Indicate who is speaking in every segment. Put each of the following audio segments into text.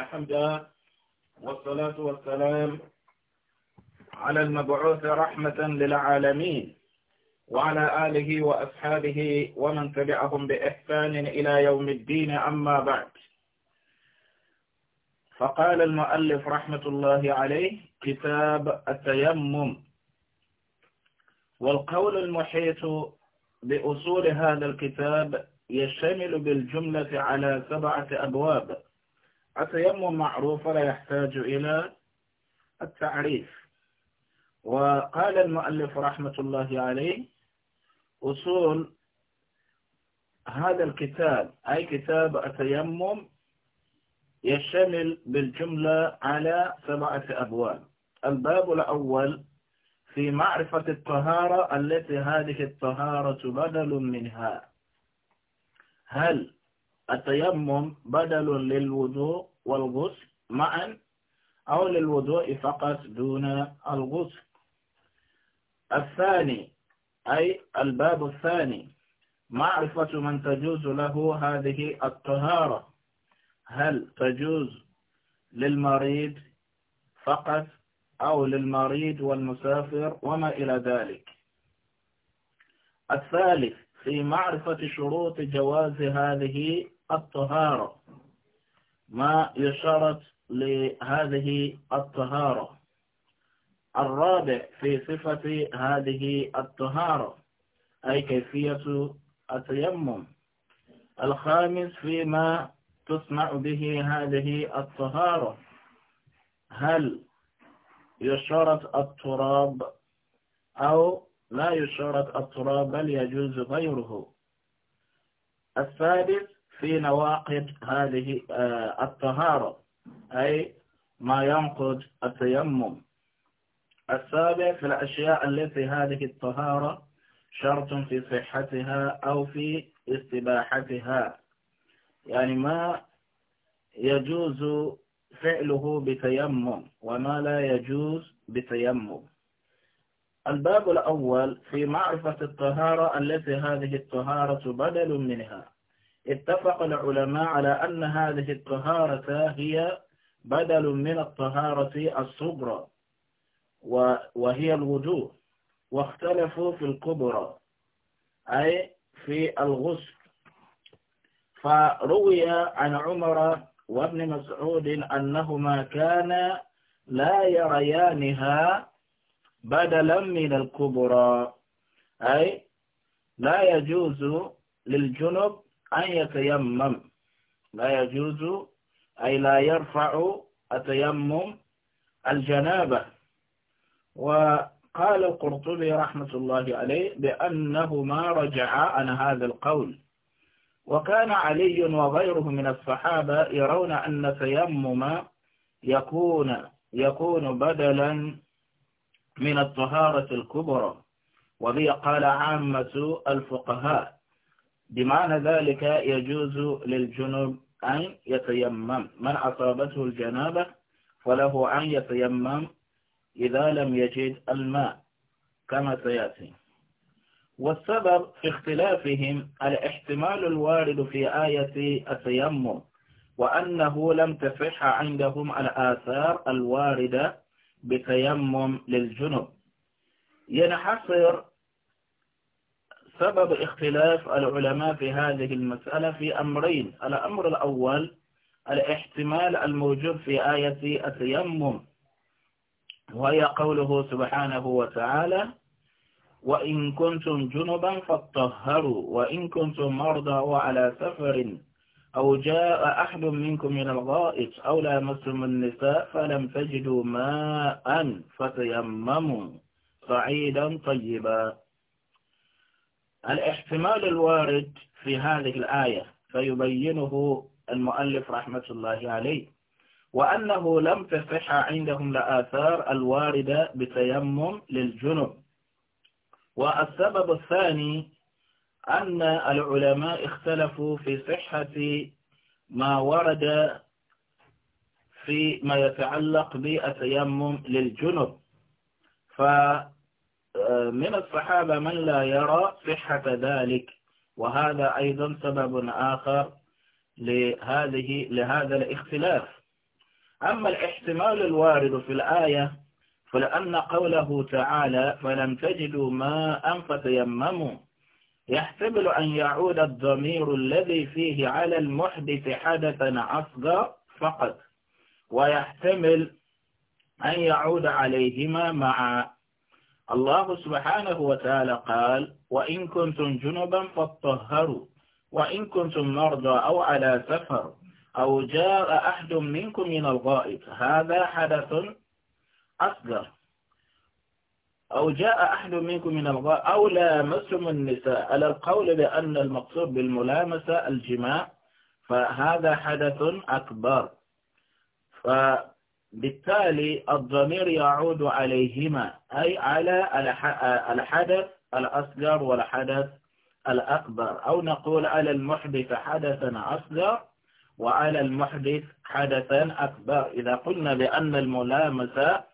Speaker 1: الحمد والصلاة والسلام على المبعوث رحمة للعالمين وعلى آله وأصحابه ومن تبعهم بإحسان إلى يوم الدين أما بعد فقال المؤلف رحمة الله عليه كتاب التيمم والقول المحيط بأصول هذا الكتاب يشتمل بالجملة على سبعة أبواب التيمم معروف لا يحتاج إلى التعريف وقال المؤلف رحمة الله عليه أصول هذا الكتاب أي كتاب التيمم يشمل بالجملة على سبعة أبواب الباب الأول في معرفة الطهارة التي هذه الطهارة بدل منها هل التيمم بدل للوضوء والغسل معا أو للوضوء فقط دون الغسل الثاني أي الباب الثاني معرفة من تجوز له هذه الطهارة هل تجوز للمريض فقط أو للمريض والمسافر وما إلى ذلك الثالث في معرفة شروط جواز هذه الطهارة ما يشارت لهذه الطهارة الرابع في صفة هذه الطهارة أي كيفية التيمم الخامس فيما تصنع به هذه الطهارة هل يشارت التراب أو لا يشارت التراب بل يجوز غيره السادس في نواقض هذه آه، الطهارة أي ما ينقض التيمم السابع في الأشياء التي هذه الطهارة شرط في صحتها أو في استباحتها يعني ما يجوز فعله بتيمم وما لا يجوز بتيمم الباب الأول في معرفة الطهارة التي هذه الطهارة بدل منها اتفق العلماء على أن هذه الطهارة هي بدل من الطهارة الصغرى وهي الوجوه واختلفوا في الكبرى أي في الغسل فروي عن عمر وابن مسعود أنهما كانا لا يريانها بدلا من الكبرى أي لا يجوز للجنب أن يتيمم لا يجوز أي لا يرفع التيمم الجنابة وقال القرطبي رحمة الله عليه بأنهما رجعا عن هذا القول وكان علي وغيره من الصحابة يرون أن تيمم يكون يكون بدلا من الطهارة الكبرى وبي قال عامة الفقهاء بمعنى ذلك يجوز للجنوب أن يتيمم من أصابته الجنابة فله أن يتيمم إذا لم يجد الماء كما سيأتي والسبب في اختلافهم الاحتمال الوارد في آية التيمم وأنه لم تصح عندهم الآثار الواردة بتيمم للجنب ينحصر سبب اختلاف العلماء في هذه المسألة في أمرين الأمر الأول الاحتمال الموجود في آية التيمم وهي قوله سبحانه وتعالى وإن كنتم جنبا فاتطهروا وإن كنتم مرضى وعلى سفر أو جاء أحد منكم من الغائط أو لامستم النساء فلم تجدوا ماء فتيمموا صعيدا طيبا الاحتمال الوارد في هذه الآية فيبينه المؤلف رحمة الله عليه وأنه لم تصح عندهم الآثار الواردة بتيمم للجنب والسبب الثاني أن العلماء اختلفوا في صحة ما ورد في ما يتعلق بالتيمم للجنب فالسبب من الصحابة من لا يرى صحة ذلك وهذا أيضا سبب آخر لهذه لهذا الاختلاف أما الاحتمال الوارد في الآية فلأن قوله تعالى فلم تجدوا ماء فتيمموا يحتمل أن يعود الضمير الذي فيه على المحدث حدثا عصدا فقط ويحتمل أن يعود عليهما معا الله سبحانه وتعالى قال وإن كنتم جنبا فاطهروا وإن كنتم مرضى أو على سفر أو جاء أحد منكم من الغائط هذا حدث أصغر أو جاء أحد منكم من الغائط أو لامستم النساء على القول بأن المقصود بالملامسة الجماع فهذا حدث أكبر فهذا بالتالي الضمير يعود عليهما أي على الحدث الأصغر والحدث الأكبر أو نقول على المحدث حدثا أصغر وعلى المحدث حدثا أكبر إذا قلنا بأن الملامسة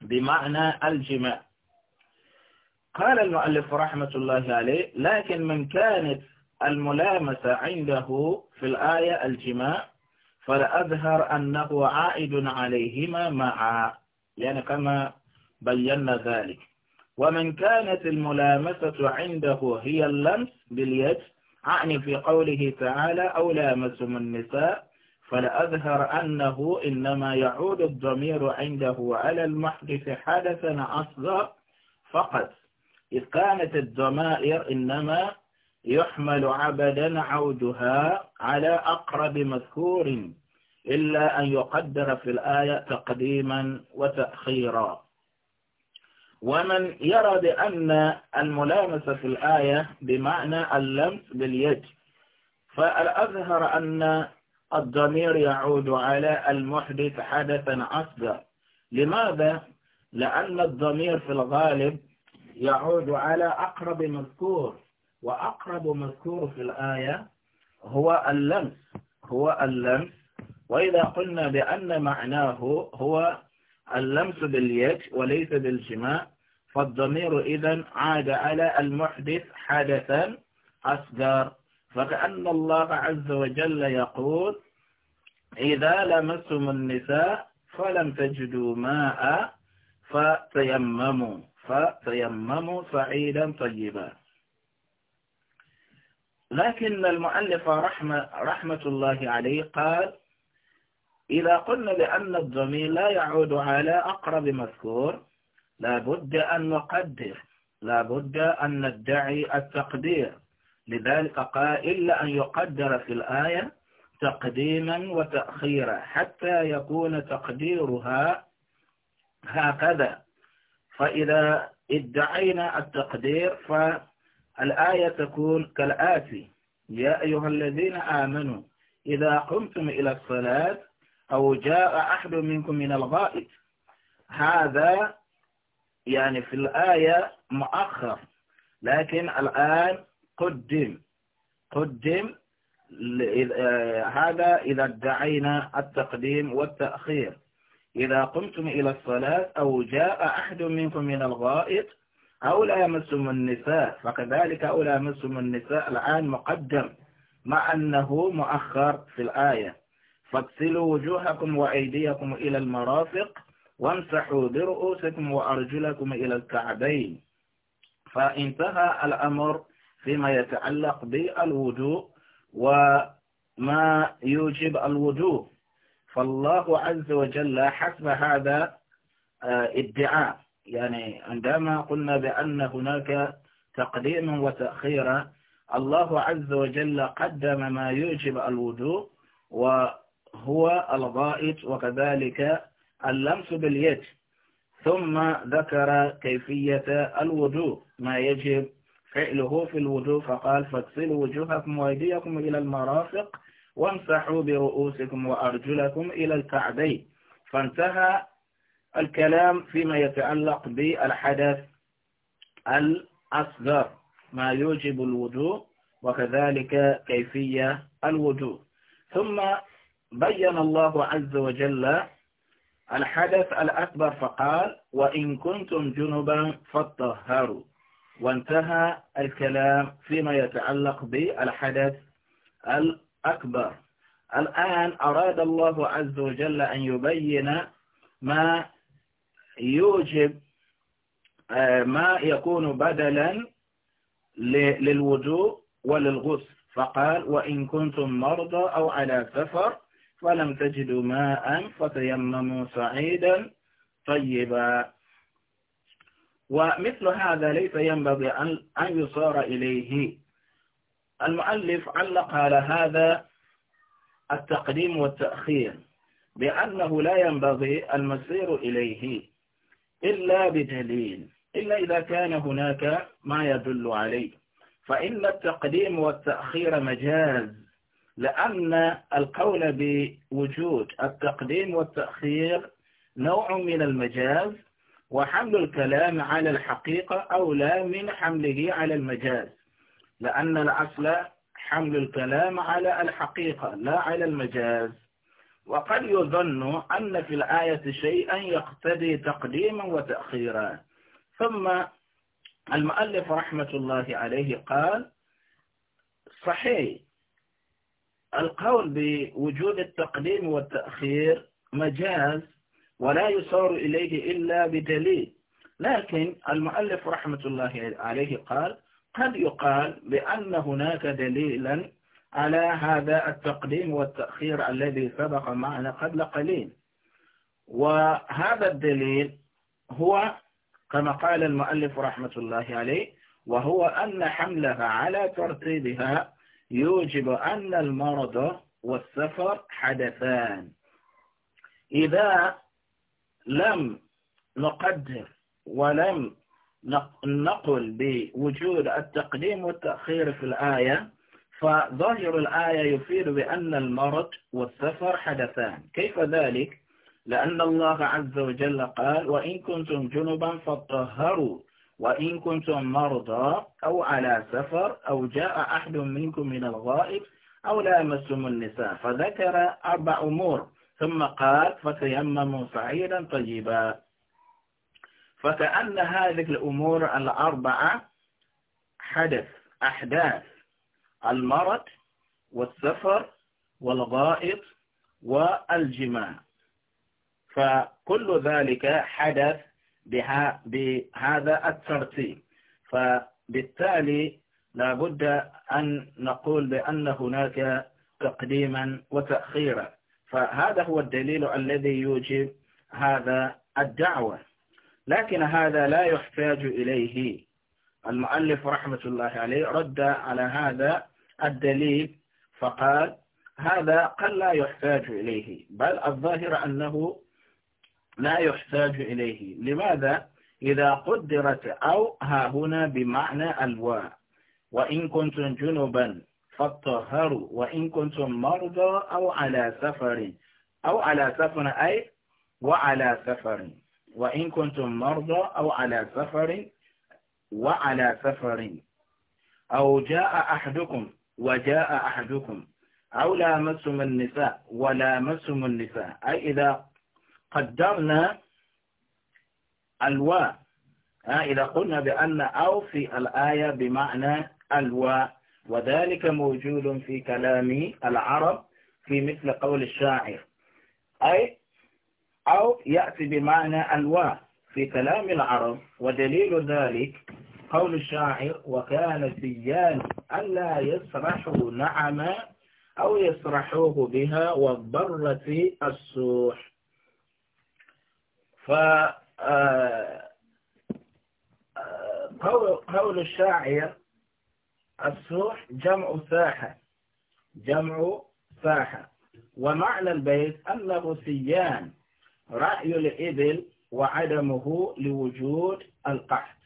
Speaker 1: بمعنى الجماع قال المؤلف رحمة الله عليه لكن من كانت الملامسة عنده في الآية الجماع فالأظهر أنه عائد عليهما معا لأن يعني كما بينا ذلك ومن كانت الملامسة عنده هي اللمس باليد أعني في قوله تعالى أو لامسهم النساء فلأظهر أنه إنما يعود الضمير عنده على المحدث حدثا أصغر فقط إذ كانت الضمائر إنما يحمل عبدا عودها على أقرب مذكور إلا أن يقدر في الآية تقديما وتأخيرا ومن يرى بأن الملامسة في الآية بمعنى اللمس باليد فالأظهر أن الضمير يعود على المحدث حدثا أصغر لماذا؟ لأن الضمير في الغالب يعود على أقرب مذكور وأقرب مذكور في الآية هو اللمس هو اللمس وإذا قلنا بأن معناه هو اللمس باليد وليس بالجماع فالضمير إذا عاد على المحدث حدثا أصغر فكأن الله عز وجل يقول إذا لمستم النساء فلم تجدوا ماء فتيمموا فتيمموا سعيدا طيبا لكن المؤلف رحمة, رحمة الله عليه قال إذا قلنا بأن الضمير لا يعود على أقرب مذكور لابد أن نقدر لابد أن ندعي التقدير لذلك قال إلا أن يقدر في الآية تقديما وتأخيرا حتى يكون تقديرها هكذا فإذا ادعينا التقدير فنقدر الآية تقول كالآتي يا أيها الذين آمنوا إذا قمتم إلى الصلاة أو جاء أحد منكم من الغائط هذا يعني في الآية مؤخر لكن الآن قدم قدم آه، هذا إذا ادعينا التقديم والتأخير إذا قمتم إلى الصلاة أو جاء أحد منكم من الغائط أو لا يمسهم النساء فكذلك أو لا يمسهم النساء الآن مقدم مع أنه مؤخر في الآية فاغسلوا وجوهكم وأيديكم إلى المرافق وامسحوا برؤوسكم وأرجلكم إلى الكعبين فانتهى الأمر فيما يتعلق بالوجوء وما يوجب الوجوء فالله عز وجل حسب هذا آه، ادعاء يعني عندما قلنا بأن هناك تقديم وتأخير الله عز وجل قدم ما يوجب الوضوء وهو الغائط وكذلك اللمس باليد ثم ذكر كيفية الوضوء ما يجب فعله في الوضوء فقال فاغسلوا وجوهكم وأيديكم إلى المرافق وامسحوا برؤوسكم وأرجلكم إلى الكعبين فانتهى الكلام فيما يتعلق بالحدث الأصغر ما يوجب الوضوء وكذلك كيفية الوضوء ثم بين الله عز وجل الحدث الأكبر فقال وإن كنتم جنبا فطهروا وانتهى الكلام فيما يتعلق بالحدث الأكبر الآن أراد الله عز وجل أن يبين ما يوجب آه، ما يكون بدلا للوضوء وللغسل فقال وإن كنتم مرضى أو على سفر فلم تجدوا ماء فتيمموا صعيدا طيبا ومثل هذا ليس ينبغي أن يصار إليه المؤلف علق على هذا التقديم والتأخير بأنه لا ينبغي المسير إليه إلا بدليل إلا إذا كان هناك ما يدل عليه فإن التقديم والتأخير مجاز لأن القول بوجود التقديم والتأخير نوع من المجاز وحمل الكلام على الحقيقة أولى من حمله على المجاز لأن الأصل حمل الكلام على الحقيقة لا على المجاز وقد يظن أن في الآية شيئا يقتضي تقديما وتأخيرا ثم المؤلف رحمة الله عليه قال صحيح القول بوجود التقديم والتأخير مجاز ولا يصار إليه إلا بدليل لكن المؤلف رحمة الله عليه قال قد يقال بأن هناك دليلا على هذا التقديم والتأخير الذي سبق معنا قبل قليل وهذا الدليل هو كما قال المؤلف رحمة الله عليه وهو أن حملها على ترتيبها يوجب أن المرض والسفر حدثان إذا لم نقدر ولم نقل بوجود التقديم والتأخير في الآية فظاهر الآية يفيد بأن المرض والسفر حدثان كيف ذلك؟ لأن الله عز وجل قال وإن كنتم جنبا فطهروا وإن كنتم مرضى أو على سفر أو جاء أحد منكم من الغائب أو لامستم النساء فذكر أربع أمور ثم قال فتيمموا صعيدا طيبا فكأن هذه الأمور الأربعة حدث أحداث المرض والسفر والغائط والجماع فكل ذلك حدث بهذا الترتيب فبالتالي لابد أن نقول بأن هناك تقديما وتأخيرا فهذا هو الدليل الذي يوجب هذا الدعوة لكن هذا لا يحتاج إليه المؤلف رحمة الله عليه رد على هذا الدليل فقال هذا قد لا يحتاج إليه بل الظاهر أنه لا يحتاج إليه لماذا؟ إذا قدرت أو ها هنا بمعنى الواء وإن كنتم جنبا فاطهروا وإن كنتم مرضى أو على سفر أو على سفر أي وعلى سفر وإن كنتم مرضى أو على سفر وعلى سفر أو جاء أحدكم وجاء أحدكم أو لامسهم النساء ولامسهم النساء أي إذا قدرنا الواء إذا قلنا بأن أو في الآية بمعنى الواء وذلك موجود في كلام العرب في مثل قول الشاعر أي أو يأتي بمعنى الواء في كلام العرب ودليل ذلك قول الشاعر وكان الديان ألا يسرحوا نعما أو يسرحوه بها والضرة السوح ف آه، آه، قول الشاعر السوح جمع ساحة جمع ساحة ومعنى البيت أنه سيان رأي الإبل وعدمه لوجود القحط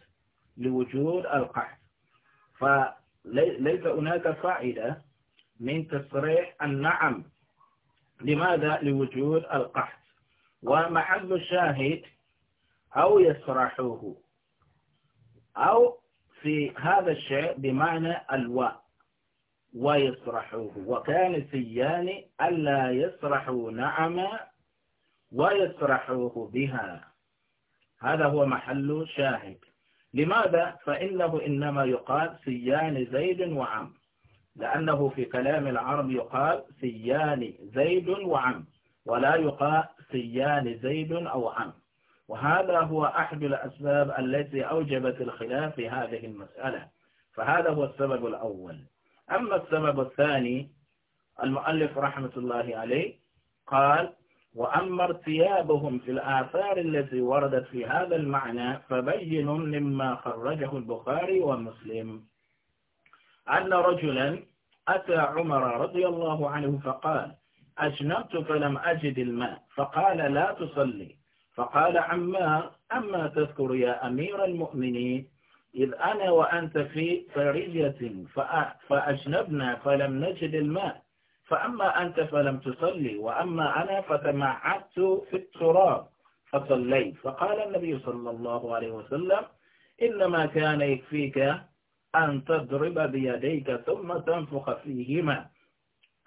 Speaker 1: لوجود القحط فليس هناك فائدة من تصريح النعم لماذا لوجود القحط ومحل الشاهد أو يصرحوه أو في هذا الشيء بمعنى الواء ويصرحوه وكان سيان ألا يصرحوا نعم ويصرحوه بها هذا هو محل شاهد لماذا؟ فإنه إنما يقال سيان زيد وعم لأنه في كلام العرب يقال سيان زيد وعم ولا يقال سيان زيد أو عم وهذا هو أحد الأسباب التي أوجبت الخلاف في هذه المسألة فهذا هو السبب الأول أما السبب الثاني المؤلف رحمة الله عليه قال وأما ارتيابهم في الآثار التي وردت في هذا المعنى فبين مما خرجه البخاري ومسلم أن رجلا أتى عمر رضي الله عنه فقال أجنبت فلم أجد الماء فقال لا تصلي فقال عما أما تذكر يا أمير المؤمنين إذ أنا وأنت في فرية فأجنبنا فلم نجد الماء فأما أنت فلم تصلي وأما أنا فتمعدت في التراب فصليت فقال النبي صلى الله عليه وسلم إنما كان يكفيك أن تضرب بيديك ثم تنفخ فيهما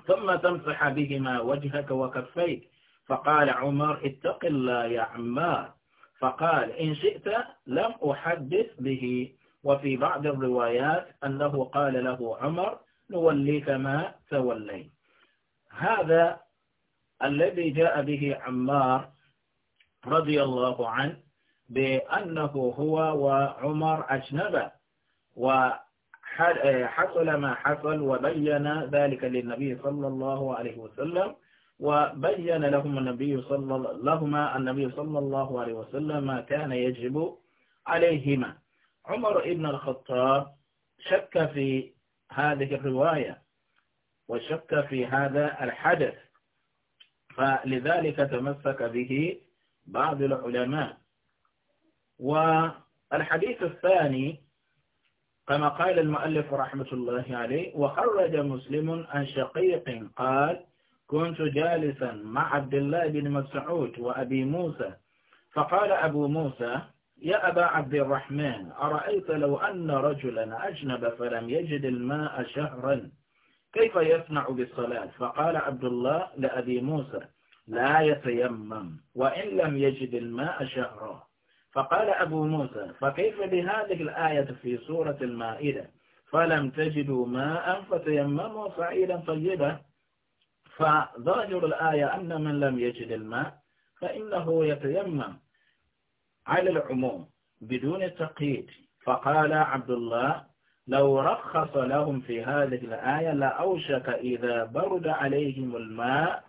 Speaker 1: ثم تمسح بهما وجهك وكفيك فقال عمر اتق الله يا عمار فقال إن شئت لم أحدث به وفي بعض الروايات أنه قال له عمر نوليك ما توليت هذا الذي جاء به عمار رضي الله عنه بأنه هو وعمر أجنبا وحصل ما حصل وبين ذلك للنبي صلى الله عليه وسلم وبين لهم النبي صلى لهما النبي صلى الله عليه وسلم ما كان يجب عليهما عمر بن الخطاب شك في هذه الرواية وشك في هذا الحدث فلذلك تمسك به بعض العلماء والحديث الثاني كما قال المؤلف رحمة الله عليه وخرج مسلم عن شقيق قال كنت جالسا مع عبد الله بن مسعود وأبي موسى فقال أبو موسى يا أبا عبد الرحمن أرأيت لو أن رجلا أجنب فلم يجد الماء شهرا كيف يصنع بالصلاة فقال عبد الله لأبي موسى لا يتيمم وإن لم يجد الماء شهرا فقال أبو موسى فكيف بهذه الآية في سورة المائدة فلم تجدوا ماء فتيمموا صعيدا طيبا فظاهر الآية أن من لم يجد الماء فإنه يتيمم على العموم بدون تقييد فقال عبد الله لو رخص لهم في هذه الآية لأوشك إذا برد عليهم الماء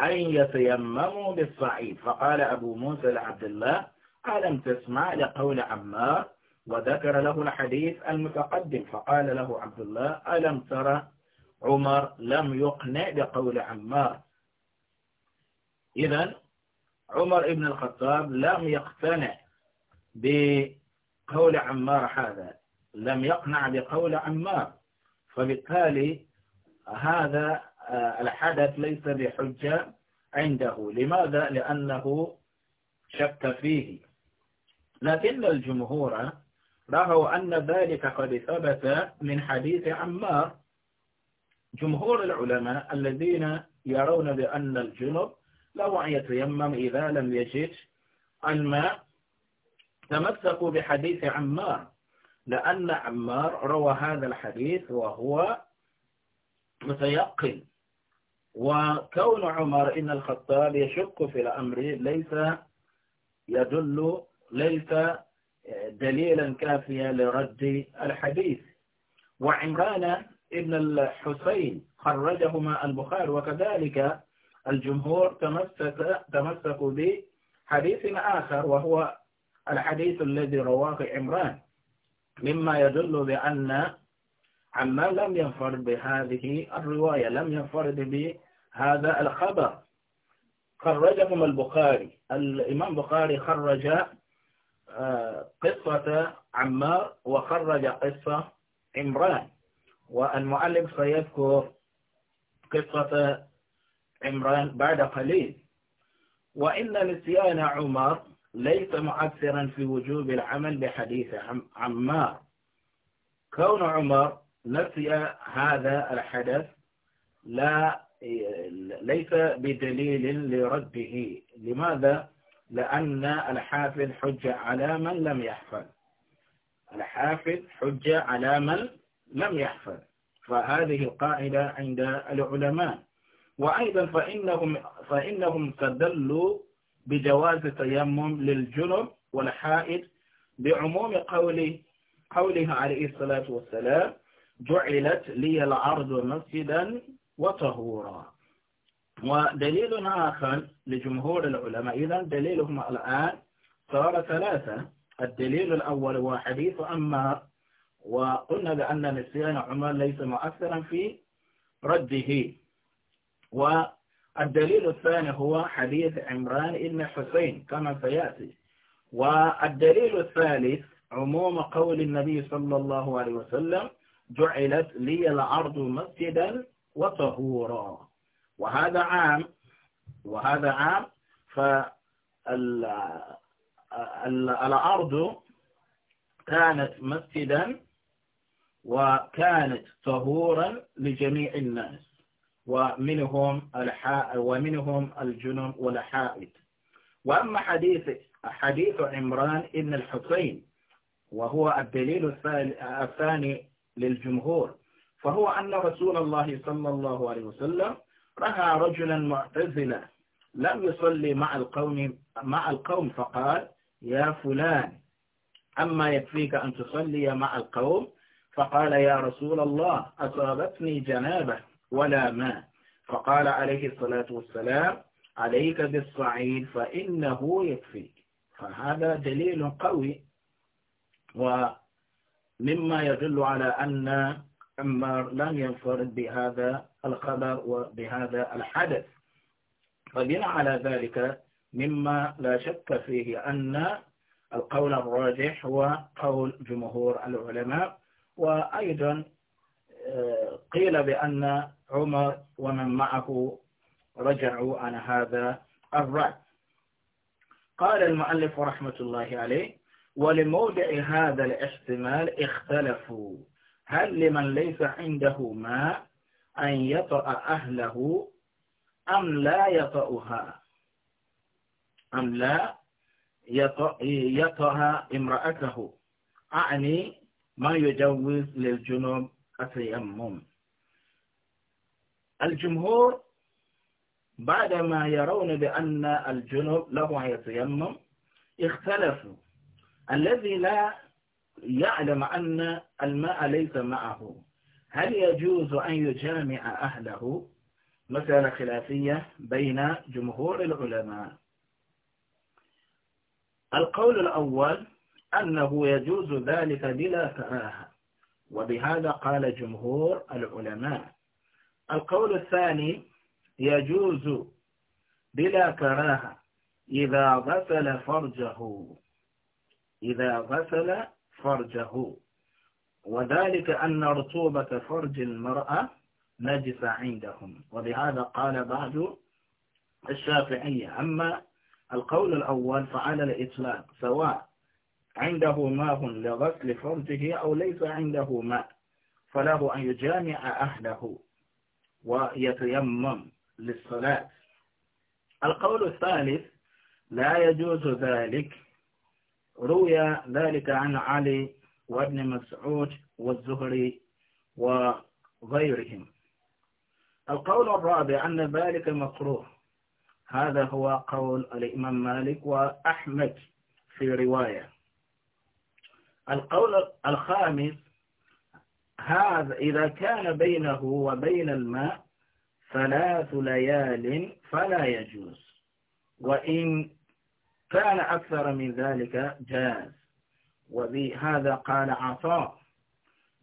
Speaker 1: أن يتيمموا بالصعيد فقال أبو موسى لعبد الله ألم تسمع لقول عمار وذكر له الحديث المتقدم فقال له عبد الله ألم ترى عمر لم يقنع بقول عمار إذا عمر بن الخطاب لم يقتنع بقول عمار هذا لم يقنع بقول عمار فبالتالي هذا آه، الحدث ليس بحجة عنده لماذا؟ لأنه شك فيه لكن الجمهور رأوا أن ذلك قد ثبت من حديث عمار جمهور العلماء الذين يرون بأن الجنب له أن يتيمم إذا لم يجد الماء تمسكوا بحديث عمار لأن عمار روى هذا الحديث وهو متيقن وكون عمر إن الخطاب يشك في الأمر ليس يدل ليس دليلا كافيا لرد الحديث وعمران ابن الحسين خرجهما البخاري وكذلك الجمهور تمسك تمسكوا بحديث آخر وهو الحديث الذي رواه عمران مما يدل بأن عما لم ينفرد بهذه الرواية لم ينفرد بهذا الخبر خرجهم البخاري الإمام بخاري خرج آه، قصة عمار وخرج قصة عمران والمعلم سيذكر قصة عمران بعد قليل وإن نسيان عمر ليس مؤثرا في وجوب العمل بحديث عمار كون عمر نسي هذا الحدث لا ليس بدليل لرده لماذا؟ لأن الحافظ حجة على من لم يحفظ الحافظ حجة على من لم يحفظ فهذه القاعدة عند العلماء وأيضا فإنهم, فإنهم تدلوا بجواز التيمم للجنب والحائد بعموم قوله قوله عليه الصلاة والسلام جعلت لي العرض مسجدا وطهورا ودليل آخر لجمهور العلماء إذا دليلهم الآن صار ثلاثة الدليل الأول هو حديث أمار وقلنا بأن نسيان عمر ليس مؤثرا في رده و الدليل الثاني هو حديث عمران بن حسين كما سيأتي والدليل الثالث عموم قول النبي صلى الله عليه وسلم جعلت لي الأرض مسجدا وطهورا وهذا عام وهذا عام فالأرض كانت مسجدا وكانت طهورا لجميع الناس ومنهم الحاء ومنهم الجنون والحائط وأما حديث حديث عمران ابن الحسين وهو الدليل الثاني للجمهور فهو أن رسول الله صلى الله عليه وسلم رأى رجلا معتزلا لم يصلي مع القوم مع القوم فقال يا فلان أما يكفيك أن تصلي مع القوم فقال يا رسول الله أصابتني جنابه ولا ماء فقال عليه الصلاة والسلام عليك بالصعيد فإنه يكفيك فهذا دليل قوي ومما يدل على أن عمار لم ينفرد بهذا الخبر وبهذا الحدث فبناء على ذلك مما لا شك فيه أن القول الراجح هو قول جمهور العلماء وأيضا آه، قيل بأن عمر ومن معه رجعوا عن هذا الرأي قال المؤلف رحمة الله عليه ولموضع هذا الاحتمال اختلفوا هل لمن ليس عنده ماء أن يطأ أهله أم لا يطأها أم لا يطأها امرأته أعني ما يجوز للجنوب التيمم الجمهور بعدما يرون بأن الجنوب له أن يتيمم اختلفوا الذي لا يعلم أن الماء ليس معه هل يجوز أن يجامع أهله مسألة خلافية بين جمهور العلماء القول الأول أنه يجوز ذلك بلا كراهة وبهذا قال جمهور العلماء القول الثاني يجوز بلا كراهة إذا غسل فرجه إذا غسل فرجه وذلك أن رطوبة فرج المرأة نجس عندهم وبهذا قال بعض الشافعية أما القول الأول فعلى الإطلاق سواء عنده ماء لغسل فرجه أو ليس عنده ماء فله أن يجامع أهله ويتيمم للصلاة القول الثالث لا يجوز ذلك روي ذلك عن علي وابن مسعود والزهري وغيرهم القول الرابع أن ذلك مكروه هذا هو قول الإمام مالك وأحمد في رواية القول الخامس هذا إذا كان بينه وبين الماء ثلاث ليال فلا يجوز وإن كان أكثر من ذلك جاز وبهذا قال عطاء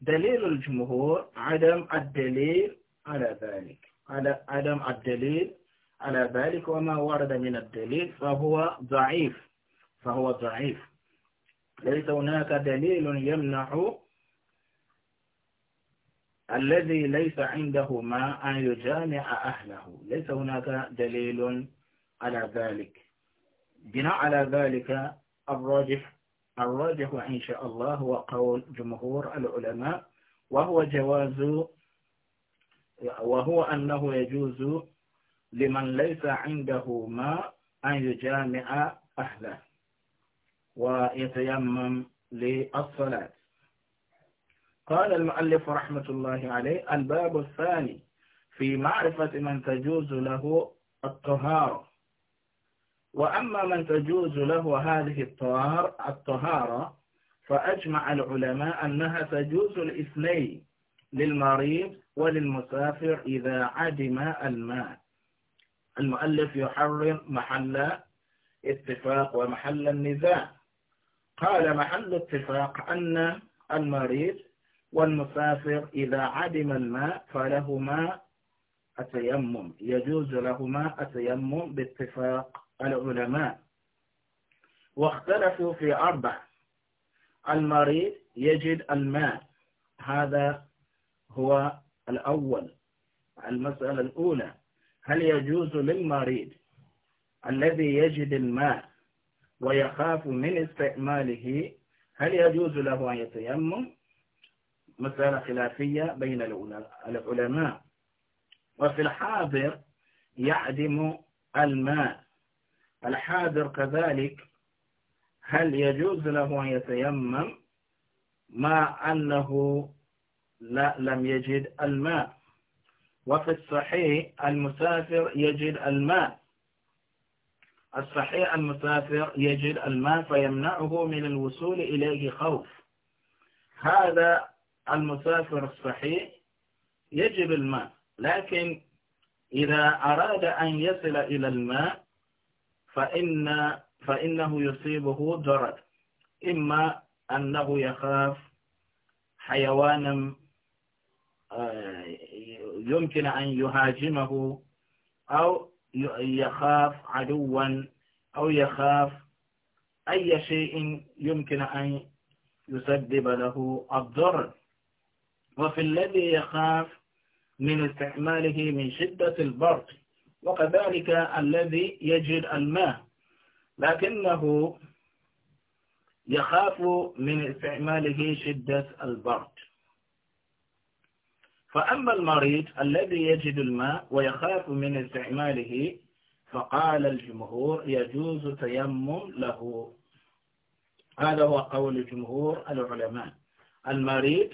Speaker 1: دليل الجمهور عدم الدليل على ذلك على عدم الدليل على ذلك وما ورد من الدليل فهو ضعيف فهو ضعيف ليس هناك دليل يمنع الذي ليس عنده ما أن يجامع أهله ليس هناك دليل على ذلك بناء على ذلك الراجح الراجح إن شاء الله هو قول جمهور العلماء وهو جواز وهو أنه يجوز لمن ليس عنده ما أن يجامع أهله ويتيمم للصلاة قال المؤلف رحمة الله عليه الباب الثاني في معرفة من تجوز له الطهارة وأما من تجوز له هذه الطهارة فأجمع العلماء أنها تجوز الاثنين للمريض وللمسافر إذا عدم الماء المؤلف يحرم محل اتفاق ومحل النزاع قال محل اتفاق أن المريض والمسافر إذا عدم الماء فلهما التيمم يجوز لهما التيمم باتفاق العلماء واختلفوا في أربع المريض يجد الماء هذا هو الأول المسألة الأولى هل يجوز للمريض الذي يجد الماء ويخاف من استعماله هل يجوز له أن يتيمم مسألة خلافية بين العلماء وفي الحاضر يعدم الماء الحاضر كذلك هل يجوز له أن يتيمم ما أنه لا لم يجد الماء وفي الصحيح المسافر يجد الماء الصحيح المسافر يجد الماء فيمنعه من الوصول إليه خوف هذا المسافر الصحيح يجب الماء لكن إذا أراد أن يصل إلى الماء فإن فإنه يصيبه ضرر إما أنه يخاف حيوانا آه، يمكن أن يهاجمه أو يخاف عدوا أو يخاف أي شيء يمكن أن يسبب له الضرر وفي الذي يخاف من استعماله من شدة البرد وكذلك الذي يجد الماء لكنه يخاف من استعماله شدة البرد فأما المريض الذي يجد الماء ويخاف من استعماله فقال الجمهور يجوز تيمم له هذا هو قول جمهور العلماء المريض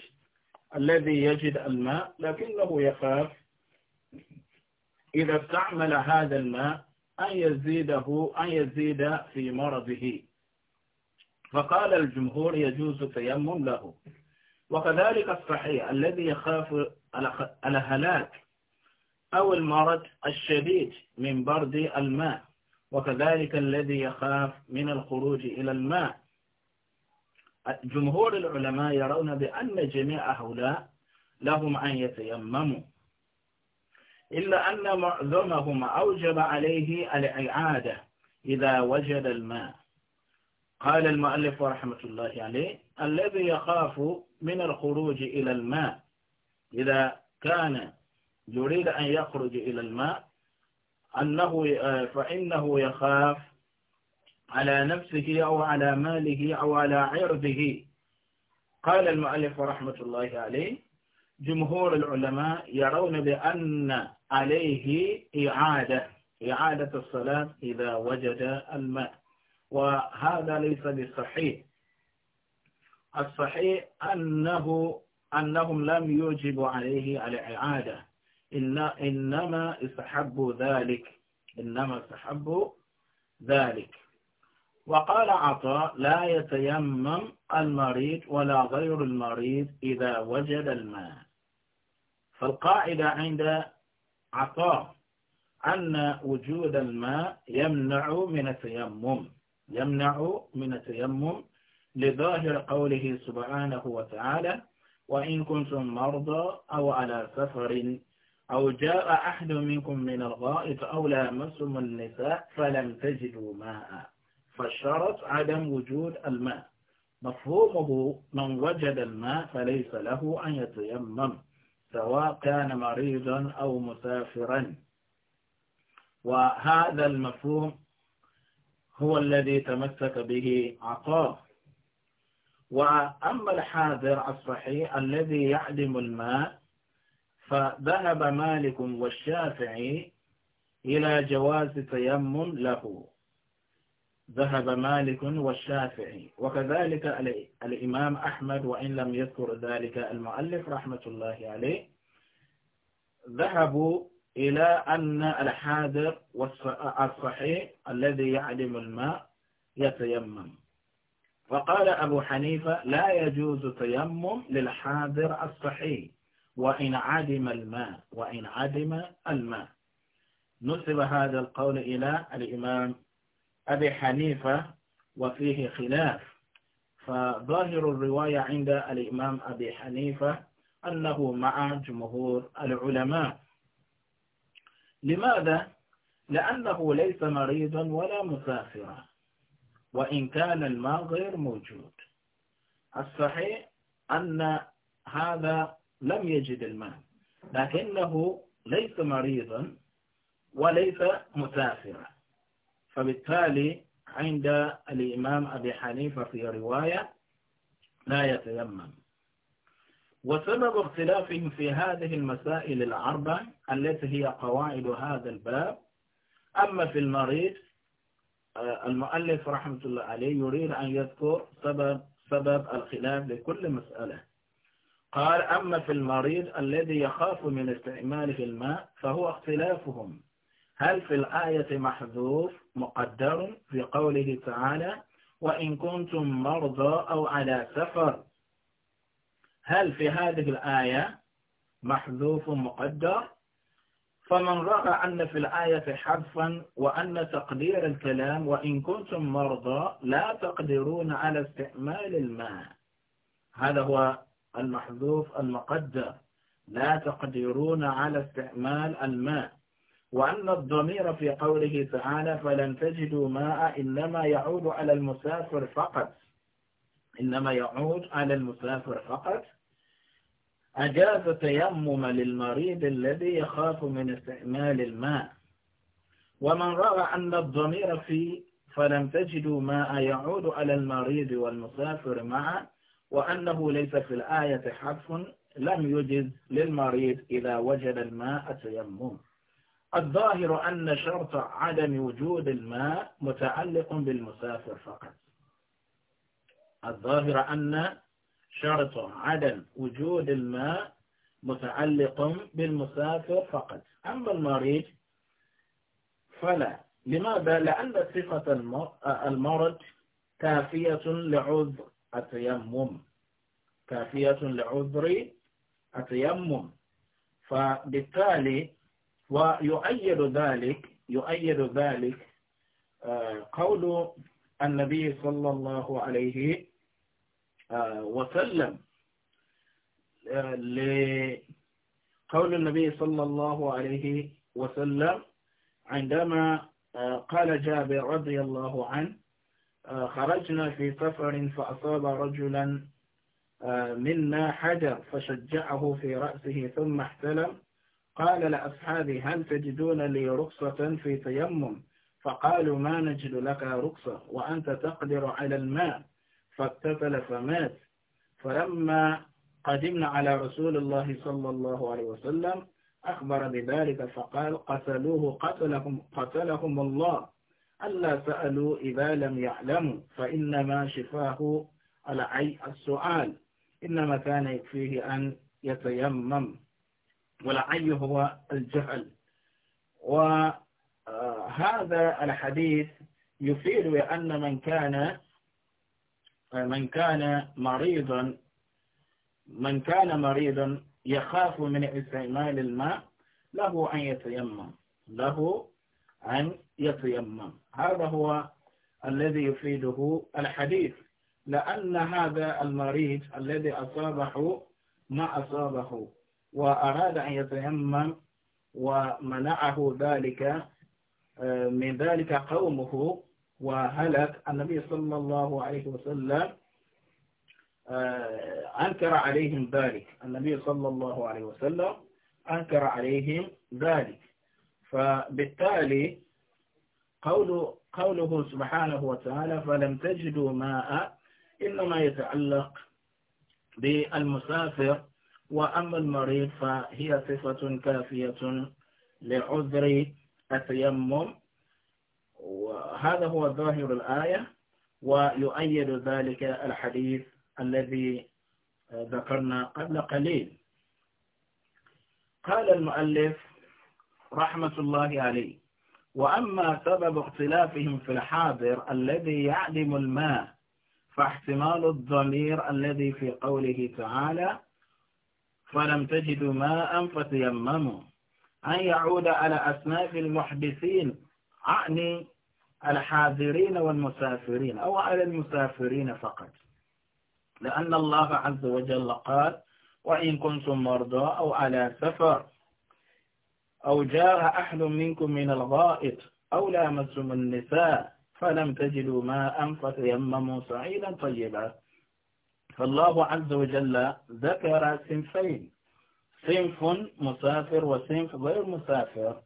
Speaker 1: الذي يجد الماء لكنه يخاف إذا استعمل هذا الماء أن يزيده أن يزيد في مرضه فقال الجمهور يجوز تيمم له وكذلك الصحيح الذي يخاف الهلاك أو المرض الشديد من برد الماء وكذلك الذي يخاف من الخروج إلى الماء جمهور العلماء يرون بأن جميع هؤلاء لهم أن يتيمموا إلا أن معظمهم أوجب عليه الإعادة إذا وجد الماء قال المؤلف رحمة الله عليه الذي يخاف من الخروج إلى الماء إذا كان يريد أن يخرج إلى الماء أنه فإنه يخاف على نفسه أو على ماله أو على عرضه قال المؤلف رحمة الله عليه جمهور العلماء يرون بأن عليه إعادة إعادة الصلاة إذا وجد الماء وهذا ليس بصحيح الصحيح أنه أنهم لم يوجبوا عليه على إعادة إن إنما استحبوا ذلك إنما استحبوا ذلك وقال عطاء لا يتيمم المريض ولا غير المريض إذا وجد الماء فالقاعدة عند عطاء أن وجود الماء يمنع من التيمم يمنع من التيمم لظاهر قوله سبحانه وتعالى وإن كنتم مرضى أو على سفر أو جاء أحد منكم من الغائط أو لامسم النساء فلم تجدوا ماء فشرط عدم وجود الماء مفهومه من وجد الماء فليس له أن يتيمم سواء كان مريضا أو مسافرا وهذا المفهوم هو الذي تمسك به عطاء وأما الحاذر الصحيح الذي يعدم الماء فذهب مالك والشافعي إلى جواز تيمم له ذهب مالك والشافعي وكذلك الإمام أحمد وإن لم يذكر ذلك المؤلف رحمة الله عليه ذهبوا إلى أن الحاضر والصحيح الذي يعلم الماء يتيمم فقال أبو حنيفة لا يجوز تيمم للحاضر الصحيح وإن عدم الماء وإن عدم الماء نسب هذا القول إلى الإمام أبي حنيفة وفيه خلاف فظاهر الرواية عند الإمام أبي حنيفة أنه مع جمهور العلماء لماذا؟ لأنه ليس مريضا ولا مسافرا وإن كان الماء غير موجود الصحيح أن هذا لم يجد الماء لكنه ليس مريضا وليس مسافرا فبالتالي عند الإمام أبي حنيفة في رواية لا يتيمم وسبب اختلافهم في هذه المسائل الأربع التي هي قواعد هذا الباب أما في المريض آه، المؤلف رحمة الله عليه يريد أن يذكر سبب سبب الخلاف لكل مسألة قال أما في المريض الذي يخاف من استعماله الماء فهو اختلافهم هل في الآية محذوف مقدر في قوله تعالى وإن كنتم مرضى أو على سفر هل في هذه الآية محذوف مقدر فمن رأى أن في الآية حذفا وأن تقدير الكلام وإن كنتم مرضى لا تقدرون على استعمال الماء هذا هو المحذوف المقدر لا تقدرون على استعمال الماء وأن الضمير في قوله تعالى فلن تجدوا ماء إنما يعود على المسافر فقط إنما يعود على المسافر فقط أجاز تيمم للمريض الذي يخاف من استعمال الماء ومن رأى أن الضمير في فلم تجدوا ماء يعود على المريض والمسافر معا وأنه ليس في الآية حرف لم يجد للمريض إذا وجد الماء تيمم الظاهر أن شرط عدم وجود الماء متعلق بالمسافر فقط الظاهر أن شرط عدم وجود الماء متعلق بالمسافر فقط أما المريض فلا لماذا؟ لأن صفة المرض كافية لعذر التيمم كافية لعذر التيمم فبالتالي ويؤيد ذلك يؤيد ذلك آه، آه، آه، قول النبي صلى الله عليه وسلم لقول النبي صلى الله عليه وسلم عندما قال جابر رضي الله عنه خرجنا في سفر فأصاب رجلا منا حجر فشجعه في رأسه ثم احتلم قال لأصحابي هل تجدون لي رخصة في تيمم فقالوا ما نجد لك رخصة وأنت تقدر على الماء فاقتتل فمات فلما قدمنا على رسول الله صلى الله عليه وسلم أخبر بذلك فقال قتلوه قتلهم, قتلهم الله ألا سألوا إذا لم يعلموا فإنما شفاه على السؤال إنما كان يكفيه أن يتيمم والعي هو الجهل وهذا آه، الحديث يفيد بأن من كان آه، من كان مريضا من كان مريضا يخاف من استعمال الماء له أن يتيمم له أن يتيمم هذا هو الذي يفيده الحديث لأن هذا المريض الذي أصابه ما أصابه وأراد أن يتيمم ومنعه ذلك آه، من ذلك قومه وهلك النبي صلى الله عليه وسلم آه، أنكر عليهم ذلك النبي صلى الله عليه وسلم أنكر عليهم ذلك فبالتالي قول قوله سبحانه وتعالى فلم تجدوا ماء إنما يتعلق بالمسافر وأما المريض فهي صفة كافية لعذر التيمم وهذا هو ظاهر الآية ويؤيد ذلك الحديث الذي آه، ذكرنا قبل قليل قال المؤلف رحمة الله عليه وأما سبب اختلافهم في الحاضر الذي يعلم الماء فاحتمال الضمير الذي في قوله تعالى فلم تجدوا ماء فتيمموا أن يعود على أسناف المحدثين أعني الحاضرين والمسافرين أو على المسافرين فقط لأن الله عز وجل قال وإن كنتم مرضى أو على سفر أو جار أحد منكم من الغائط أو لامستم النساء فلم تجدوا ماء فتيمموا صعيدا طيبا فالله عز وجل ذكر صنفين صنف مسافر وصنف غير مسافر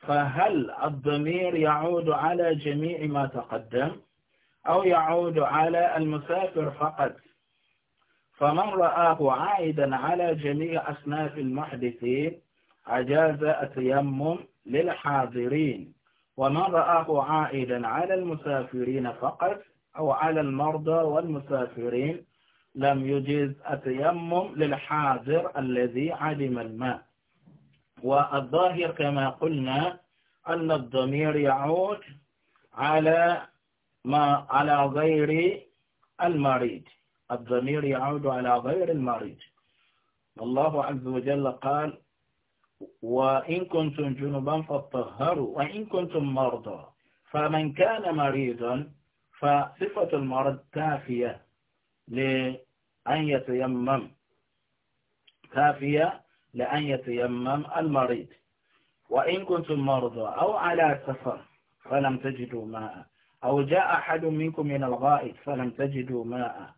Speaker 1: فهل الضمير يعود على جميع ما تقدم أو يعود على المسافر فقط فمن رآه عائدا على جميع أصناف المحدثين أجاز التيمم للحاضرين ومن رآه عائدا على المسافرين فقط أو على المرضى والمسافرين لم يجز التيمم للحاضر الذي علم الماء والظاهر كما قلنا أن الضمير يعود على ما على غير المريض الضمير يعود على غير المريض الله عز وجل قال وإن كنتم جنبا فاتطهروا وإن كنتم مرضى فمن كان مريضا فصفة المرض كافية لأن يتيمم كافية لأن يتيمم المريض وإن كنتم مرضى أو على سفر فلم تجدوا ماء أو جاء أحد منكم من الغائط فلم تجدوا ماء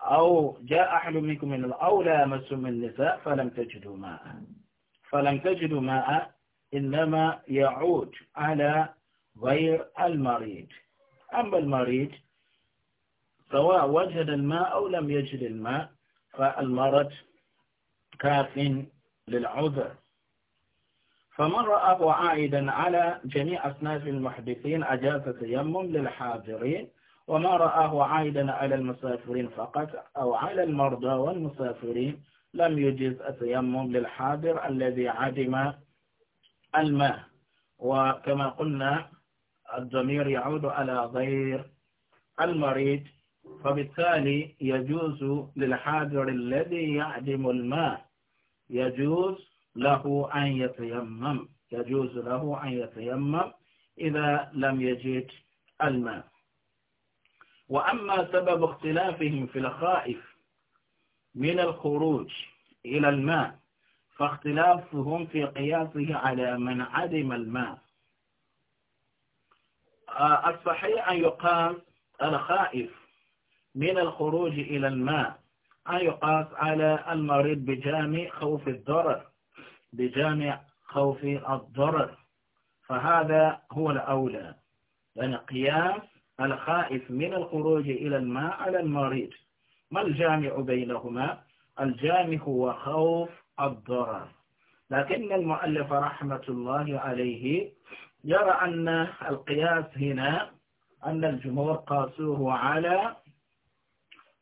Speaker 1: أو جاء أحد منكم من أو لامستم النساء فلم تجدوا ماء فلم تجدوا ماء إنما يعود على غير المريض أما المريض سواء وجد الماء أو لم يجد الماء فالمرض كاف للعذر فمر أبو عائدا على جميع أصناف المحدثين أجاز تيمم للحاضرين وما رآه عائدا على المسافرين فقط أو على المرضى والمسافرين لم يجز التيمم للحاضر الذي عدم الماء وكما قلنا الضمير يعود على غير المريض فبالتالي يجوز للحاجر الذي يعدم الماء يجوز له أن يتيمم يجوز له أن يتيمم إذا لم يجد الماء وأما سبب اختلافهم في الخائف من الخروج إلى الماء فاختلافهم في قياسه على من عدم الماء آه، الصحيح أن يقام الخائف من الخروج إلى الماء أن يقاس على المريض بجامع خوف الضرر بجامع خوف الضرر فهذا هو الأولى يعني قياس الخائف من الخروج إلى الماء على المريض ما الجامع بينهما الجامع هو خوف الضرر لكن المؤلف رحمة الله عليه يرى أن القياس هنا أن الجمهور قاسوه على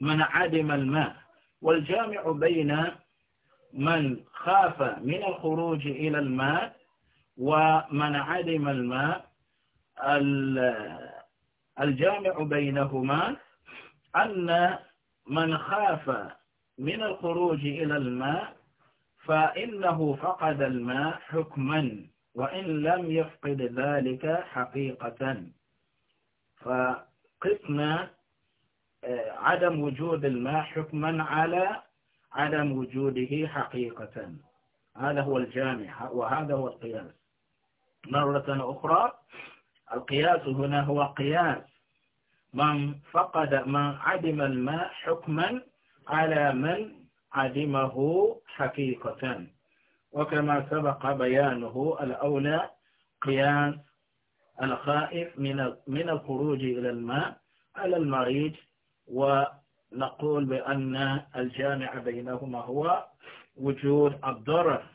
Speaker 1: من عدم الماء والجامع بين من خاف من الخروج إلى الماء ومن عدم الماء الجامع بينهما أن من خاف من الخروج إلى الماء فإنه فقد الماء حكما وإن لم يفقد ذلك حقيقة فقسنا آه، عدم وجود الماء حكما على عدم وجوده حقيقة هذا هو الجامع وهذا هو القياس مرة أخرى القياس هنا هو قياس من فقد من عدم الماء حكما على من عدمه حقيقة وكما سبق بيانه الأولى قياس الخائف من من الخروج إلى الماء على المريض ونقول بأن الجامع بينهما هو وجود الضرر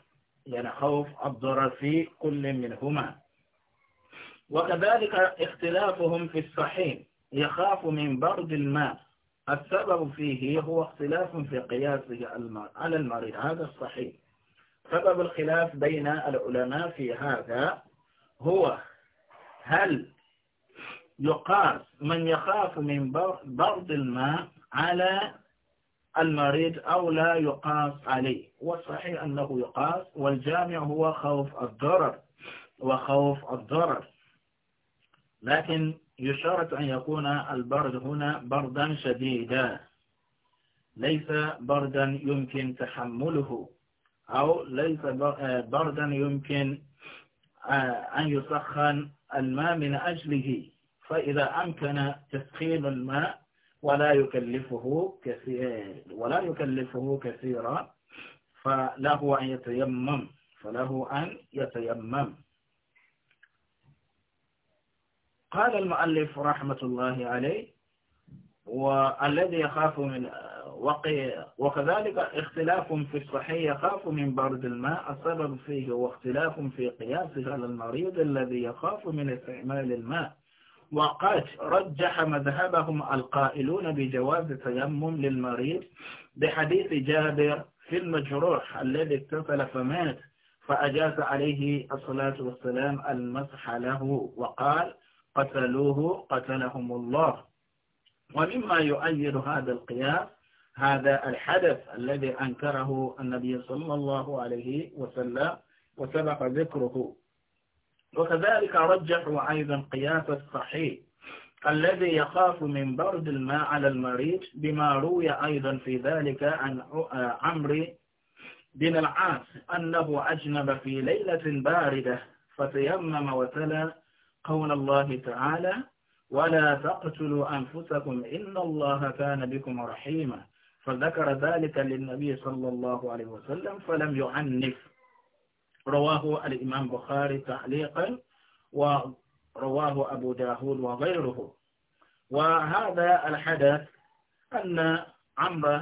Speaker 1: يعني خوف الضرر في كل منهما وكذلك اختلافهم في الصحيح يخاف من برد الماء السبب فيه هو اختلاف في قياسه على المريض هذا الصحيح سبب الخلاف بين العلماء في هذا هو هل يقاس من يخاف من برد الماء على المريض أو لا يقاس عليه والصحيح أنه يقاس والجامع هو خوف الضرر وخوف الضرر لكن يشترط أن يكون البرد هنا بردا شديدا ليس بردا يمكن تحمله أو ليس آه، بردا يمكن آه، أن يسخن الماء من أجله فإذا أمكن تسخين الماء ولا يكلفه كثير ولا يكلفه كثيرا فله أن يتيمم فله أن يتيمم قال المؤلف رحمة الله عليه والذي يخاف من وقي وكذلك اختلاف في الصحي يخاف من برد الماء السبب فيه هو اختلاف في قياسه على المريض الذي يخاف من استعمال الماء وقد رجح مذهبهم القائلون بجواز تيمم للمريض بحديث جابر في المجروح الذي اتصل فمات فأجاز عليه الصلاة والسلام المسح له وقال قتلوه قتلهم الله ومما يؤيد هذا القياس هذا الحدث الذي أنكره النبي صلى الله عليه وسلم وسبق ذكره وكذلك رجحوا أيضا قياس الصحيح الذي يخاف من برد الماء على المريض بما روي أيضا في ذلك عن عمرو بن العاص أنه أجنب في ليلة باردة فتيمم وتلا قول الله تعالى ولا تقتلوا أنفسكم إن الله كان بكم رحيما فذكر ذلك للنبي صلى الله عليه وسلم فلم يعنف رواه الإمام بخاري تعليقا ورواه أبو داود وغيره وهذا الحدث أن عمرو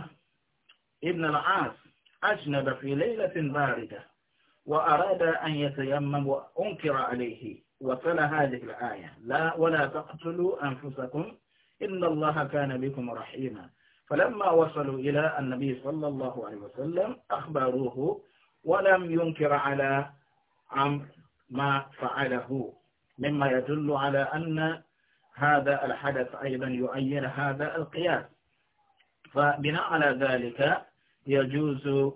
Speaker 1: ابن العاص أجنب في ليلة باردة وأراد أن يتيمم وأنكر عليه وصل هذه الآية لا ولا تقتلوا أنفسكم إن الله كان بكم رحيما فلما وصلوا إلى النبي صلى الله عليه وسلم أخبروه ولم ينكر على عمر ما فعله مما يدل على أن هذا الحدث أيضا يؤين هذا القياس فبناء على ذلك يجوز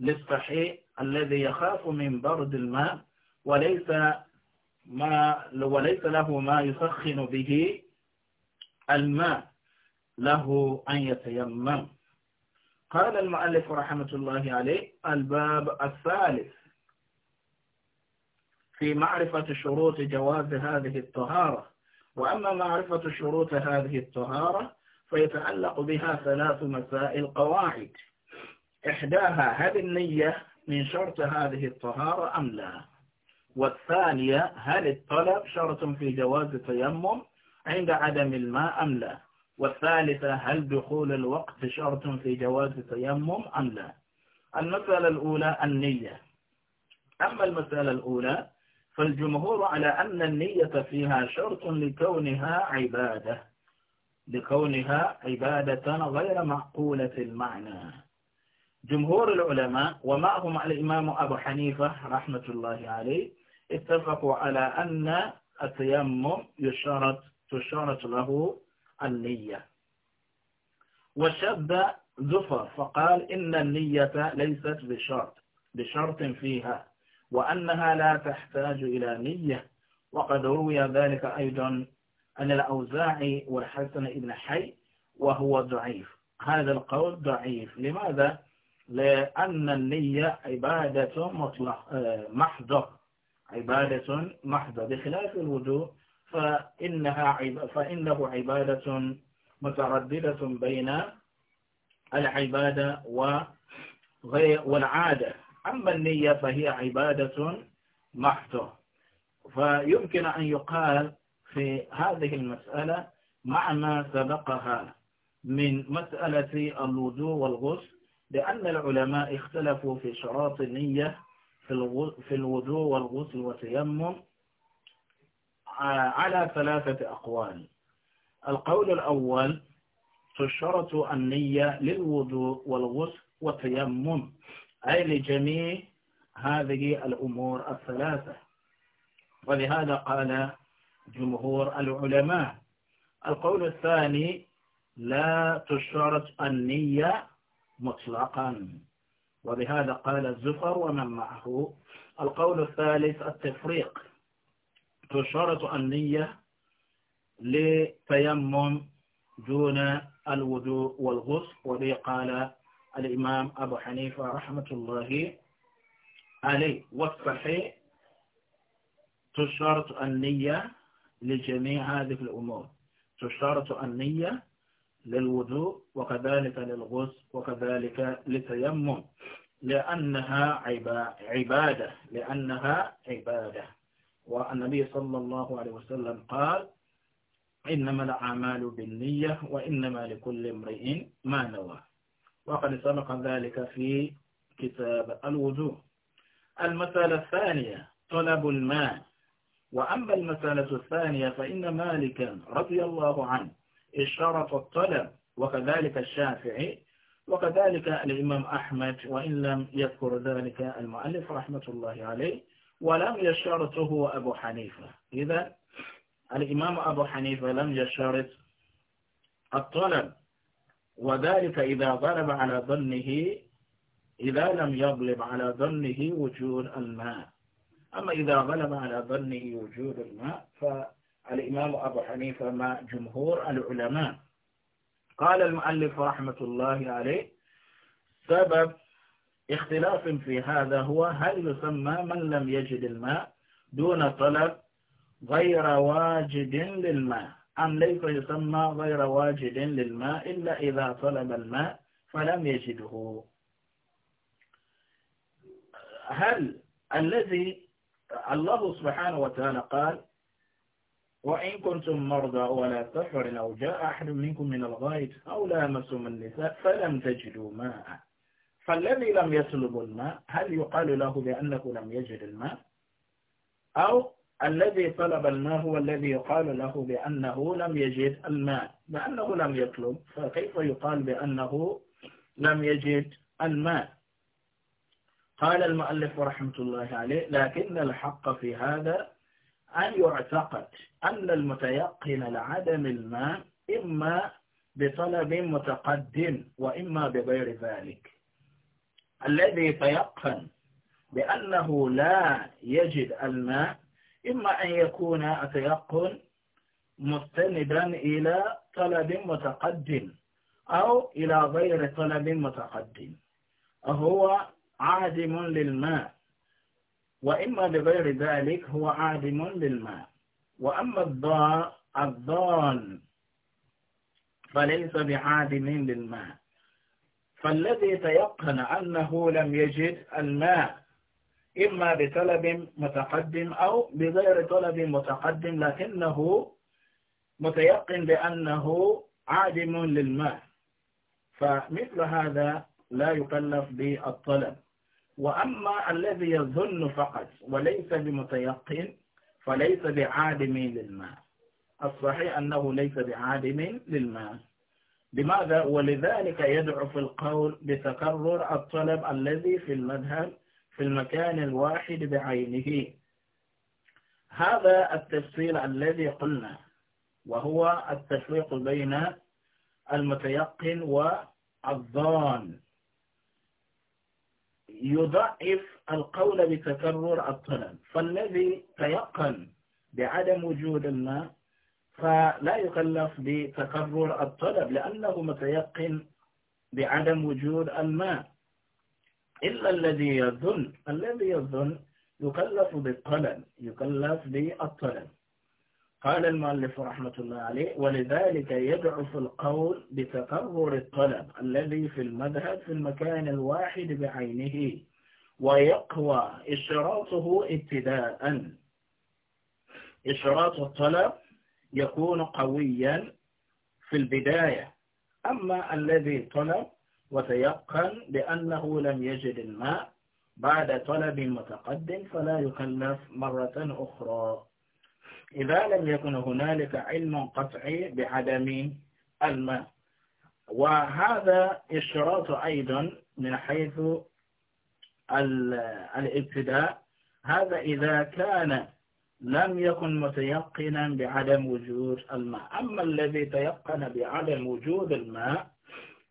Speaker 1: للصحيح الذي يخاف من برد الماء وليس ما وليس له ما يسخن به الماء له أن يتيمم قال المؤلف رحمة الله عليه الباب الثالث في معرفة شروط جواز هذه الطهارة وأما معرفة شروط هذه الطهارة فيتعلق بها ثلاث مسائل قواعد إحداها هل النية من شرط هذه الطهارة أم لا والثانية هل الطلب شرط في جواز التيمم عند عدم الماء أم لا والثالثة هل دخول الوقت شرط في جواز التيمم أم لا المسألة الأولى النية أما المسألة الأولى فالجمهور على أن النية فيها شرط لكونها عبادة لكونها عبادة غير معقولة المعنى جمهور العلماء ومعهم الإمام أبو حنيفة رحمة الله عليه اتفقوا على أن التيمم يشارط تشارط له النية وشد زفر فقال إن النية ليست بشرط بشرط فيها وأنها لا تحتاج إلى نية وقد روي ذلك أيضا عن الأوزاعي والحسن ابن حي وهو ضعيف هذا القول ضعيف لماذا؟ لأن النية عبادة مطلق آه، محضة عبادة محضة بخلاف الوضوء فإنها فإنه عبادة مترددة بين العبادة والعادة أما النية فهي عبادة محضة فيمكن أن يقال في هذه المسألة مع ما سبقها من مسألة الوضوء والغسل لأن العلماء اختلفوا في شراط النية في الوضوء والغسل والتيمم آه، على ثلاثة أقوال القول الأول تشرط النية للوضوء والغسل والتيمم أي لجميع هذه الأمور الثلاثة ولهذا قال جمهور العلماء القول الثاني لا تشرط النية مطلقا وبهذا قال الزفر ومن معه القول الثالث التفريق تشرط النية لتيمم دون الوضوء والغص وبه قال الإمام أبو حنيفة رحمة الله عليه والصحيح تشرط النية لجميع هذه الأمور تشرط النية للوضوء وكذلك للغسل وكذلك للتيمم لأنها عبادة لأنها عبادة والنبي صلى الله عليه وسلم قال إنما الأعمال بالنية وإنما لكل امرئ ما نوى وقد سبق ذلك في كتاب الوضوء المسألة الثانية طلب المال وأما المسألة الثانية فإن مالكا رضي الله عنه اشترط الطلب وكذلك الشافعي وكذلك الإمام أحمد وإن لم يذكر ذلك المؤلف رحمة الله عليه ولم يشترطه أبو حنيفة إذا الإمام أبو حنيفة لم يشترط الطلب وذلك إذا غلب على ظنه إذا لم يغلب على ظنه وجود الماء أما إذا غلب على ظنه وجود الماء ف الإمام أبو حنيفة مع جمهور العلماء قال المؤلف رحمة الله عليه سبب اختلاف في هذا هو هل يسمى من لم يجد الماء دون طلب غير واجد للماء أم ليس يسمى غير واجد للماء إلا إذا طلب الماء فلم يجده هل الذي الله سبحانه وتعالى قال وإن كنتم مرضى ولا سحر أو جاء أحد منكم من الغائط أو لامسم النساء فلم تجدوا ماء فالذي لم يطلب الماء هل يقال له بأنه لم يجد الماء أو الذي طلب الماء هو الذي يقال له بأنه لم يجد الماء بأنه لم يطلب فكيف يقال بأنه لم يجد الماء قال المؤلف رحمة الله عليه لكن الحق في هذا أن يعتقد أن المتيقن لعدم الماء إما بطلب متقدم وإما بغير ذلك الذي تيقن بأنه لا يجد الماء إما أن يكون التيقن مستندا إلى طلب متقدم أو إلى غير طلب متقدم هو عادم للماء وإما بغير ذلك هو عادم للماء وأما الضاء الضال فليس بعادم للماء فالذي تيقن أنه لم يجد الماء إما بطلب متقدم أو بغير طلب متقدم لكنه متيقن بأنه عادم للماء فمثل هذا لا يكلف بالطلب وأما الذي يظن فقط وليس بمتيقن فليس بعادم للماء الصحيح أنه ليس بعادم للماء لماذا ولذلك يدعو في القول بتكرر الطلب الذي في المذهب في المكان الواحد بعينه هذا التفصيل الذي قلنا وهو التفريق بين المتيقن والظان يضعف القول بتكرر الطلب فالذي تيقن بعدم وجود الماء فلا يكلف بتكرر الطلب لأنه متيقن بعدم وجود الماء إلا الذي يظن الذي يظن يكلف بالطلب يكلف بالطلب قال المؤلف رحمة الله عليه ولذلك يضعف القول بتقرر الطلب الذي في المذهب في المكان الواحد بعينه ويقوى إشراطه ابتداء إشراط الطلب يكون قويا في البداية أما الذي طلب وتيقن بأنه لم يجد الماء بعد طلب متقدم فلا يكلف مرة أخرى إذا لم يكن هنالك علم قطعي بعدم الماء وهذا اشتراط أيضا من حيث الابتداء هذا إذا كان لم يكن متيقنا بعدم وجود الماء أما الذي تيقن بعدم وجود الماء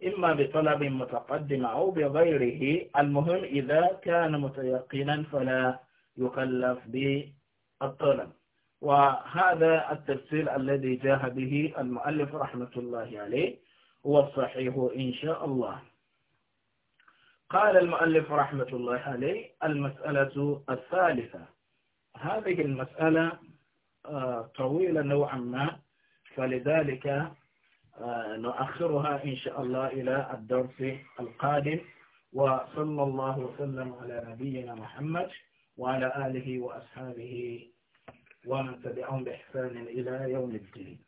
Speaker 1: إما بطلب متقدم أو بغيره المهم إذا كان متيقنا فلا يكلف بالطلب وهذا التفسير الذي جاء به المؤلف رحمة الله عليه هو الصحيح إن شاء الله قال المؤلف رحمة الله عليه المسألة الثالثة هذه المسألة آه، طويلة نوعا ما فلذلك آه، نؤخرها إن شاء الله إلى الدرس القادم وصلى الله وسلم على نبينا محمد وعلى آله وأصحابه ومن تبعهم بإحسان إلى يوم الدين